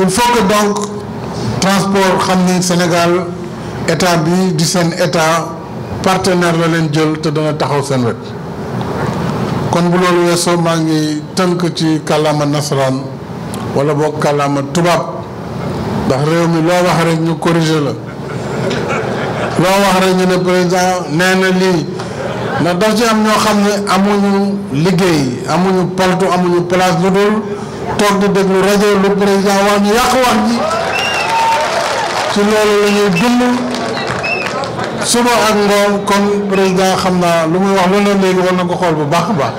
il faut que donc transport xam ni Sénégal état bi di seen état partenaire la leen jël te dana taxaw seen wet kon bu loolu weesoo maa ngi tënk ci kàllaama nasaraan wala boog kàllaama tubaab ndax réew mi loo wax rek ñu corriger la loo wax rek ñu ne président nee lii ndax daf ci am ñoo xam ne amuñu liggéey amuñu paltu amuñu place lu dul toog di déglu rajo lu président wax ñu yàq wax ji loolu la ñuy suba ak ngoon kon président xam naa lu muy wax lu ne léegi na ko xool bu baax a baax.